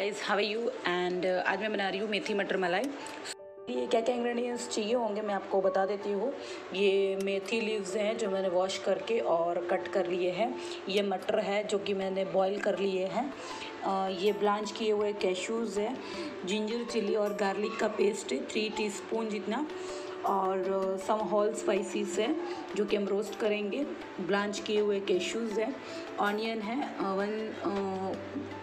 guys how you and आज मैं बना रही हूँ मेथी मटर मलाई ये क्या क्या इंग्रेडिएंट्स चाहिए होंगे मैं आपको बता देती हूँ ये मेथी लीव्स हैं जो मैंने वॉश करके और कट कर लिए हैं ये मटर है जो कि मैंने बॉईल कर लिए हैं ये ब्लांच किए हुए कैशूज़ है जिंजर चिली और गार्लिक का पेस्ट थ्री टीस्पून जितना और सम हॉल स्पाइसीस है जो कि हम रोस्ट करेंगे ब्लांच किए हुए केशूज़ है ऑनियन है वन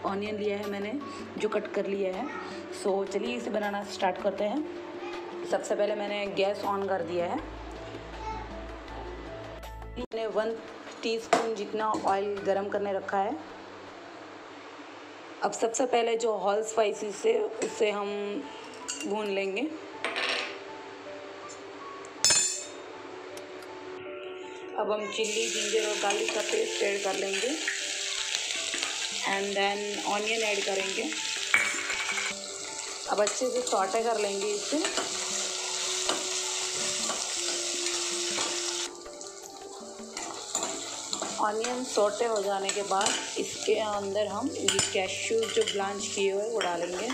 ऑनियन लिया है मैंने जो कट कर लिया है सो चलिए इसे बनाना स्टार्ट करते हैं सबसे पहले मैंने गैस ऑन कर दिया है मैंने वन टीस्पून जितना ऑयल गरम करने रखा है अब सबसे पहले जो हॉल स्पाइसीस है उसे हम भून लेंगे अब हम चिल्ली जिंजर और गार्लिक का पेस्ट ऐड कर लेंगे एंड देन ऑनियन ऐड करेंगे अब अच्छे से सॉटे कर लेंगे इसे ऑनियन सोटे हो जाने के बाद इसके अंदर हम ये कैश्यू जो ब्लांच किए हुए वो डालेंगे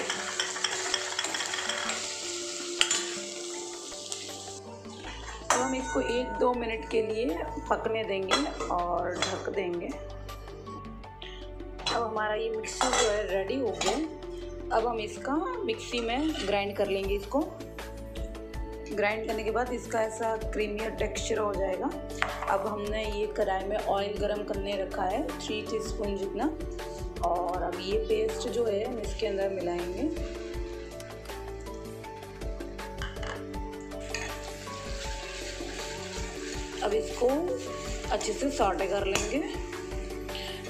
अब हम इसको एक दो मिनट के लिए पकने देंगे और ढक देंगे अब हमारा ये मिक्सर जो है रेडी हो गया अब हम इसका मिक्सी में ग्राइंड कर लेंगे इसको ग्राइंड करने के बाद इसका ऐसा क्रीमियर टेक्सचर हो जाएगा अब हमने ये कढ़ाई में ऑयल गरम करने रखा है थ्री टीस्पून जितना और अब ये पेस्ट जो है हम इसके अंदर मिलाएंगे अब इसको अच्छे से साटे कर लेंगे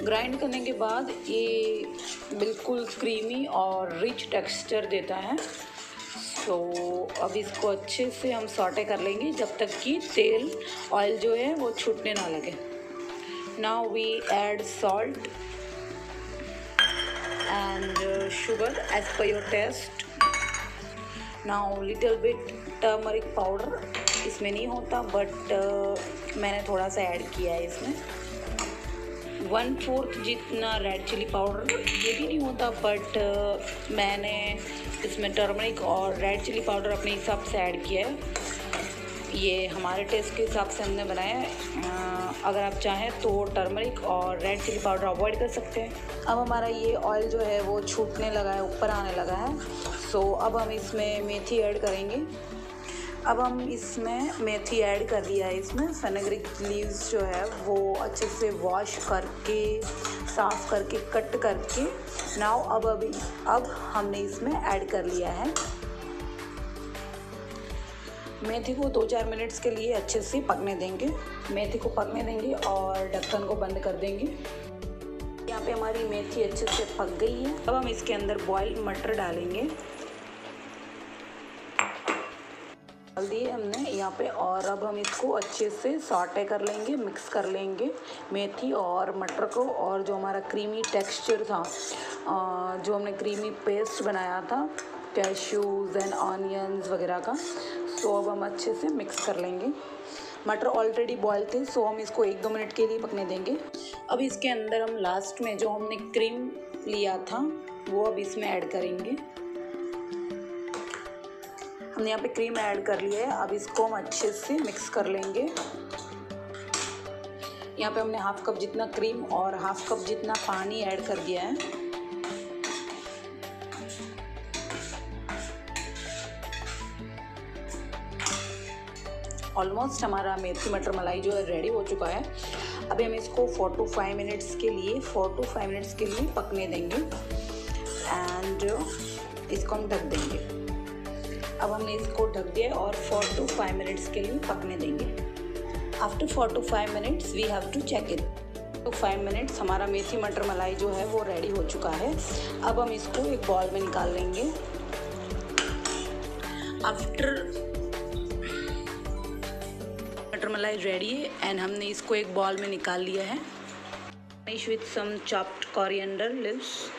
ग्राइंड करने के बाद ये बिल्कुल क्रीमी और रिच टेक्सचर देता है तो अब इसको अच्छे से हम सॉटे कर लेंगे जब तक कि तेल ऑयल जो है वो छूटने ना लगे now we add salt and sugar as per your taste now little bit turmeric powder इसमें नहीं होता बट uh, मैंने थोड़ा सा ऐड किया है इसमें वन फोर्थ जितना रेड चिली पाउडर ये भी नहीं होता बट uh, मैंने इसमें टर्मरिक और रेड चिली पाउडर अपने हिसाब से ऐड किया है ये हमारे टेस्ट के हिसाब से हमने बनाया है uh, अगर आप चाहें तो टर्मरिक और रेड चिली पाउडर अवॉइड कर सकते हैं अब हमारा ये ऑयल जो है वो छूटने लगा है ऊपर आने लगा है सो अब हम इसमें मेथी ऐड करेंगे अब हम इसमें मेथी ऐड कर दिया है इसमें फेनेग्रिक लीव्स जो है वो अच्छे से वॉश करके साफ़ करके कट करके नाव अब अभी अब हमने इसमें ऐड कर लिया है मेथी को दो चार मिनट्स के लिए अच्छे से पकने देंगे मेथी को पकने देंगे और ढक्कन को बंद कर देंगे यहाँ पे हमारी मेथी अच्छे से पक गई है अब हम इसके अंदर बॉयल मटर डालेंगे डाल दिए हमने यहाँ पे और अब हम इसको अच्छे से सॉटे कर लेंगे मिक्स कर लेंगे मेथी और मटर को और जो हमारा क्रीमी टेक्सचर था जो हमने क्रीमी पेस्ट बनाया था कैशूज़ एंड ऑनियंस वगैरह का सो अब हम अच्छे से मिक्स कर लेंगे मटर ऑलरेडी बॉयल थे सो हम इसको एक दो मिनट के लिए पकने देंगे अब इसके अंदर हम लास्ट में जो हमने क्रीम लिया था वो अब इसमें ऐड करेंगे हमने यहाँ पे क्रीम ऐड कर लिया है अब इसको हम अच्छे से मिक्स कर लेंगे यहाँ पे हमने हाफ कप जितना क्रीम और हाफ कप जितना पानी ऐड कर दिया है ऑलमोस्ट हमारा मेथी मटर मलाई जो है रेडी हो चुका है अभी हम इसको फोर टू फाइव मिनट्स के लिए फोर टू फाइव मिनट्स के लिए पकने देंगे एंड इसको हम ढक देंगे अब हमने इसको ढक दिया और फोर टू फाइव मिनट्स के लिए पकने देंगे after four to five minutes we have to check it to five minutes हमारा मेथी मटर मलाई जो है वो रेडी हो चुका है अब हम इसको एक बॉल में निकाल लेंगे आफ्टर मटर मलाई रेडी है एंड हमने इसको एक बॉल में निकाल लिया है finish with some chopped coriander lips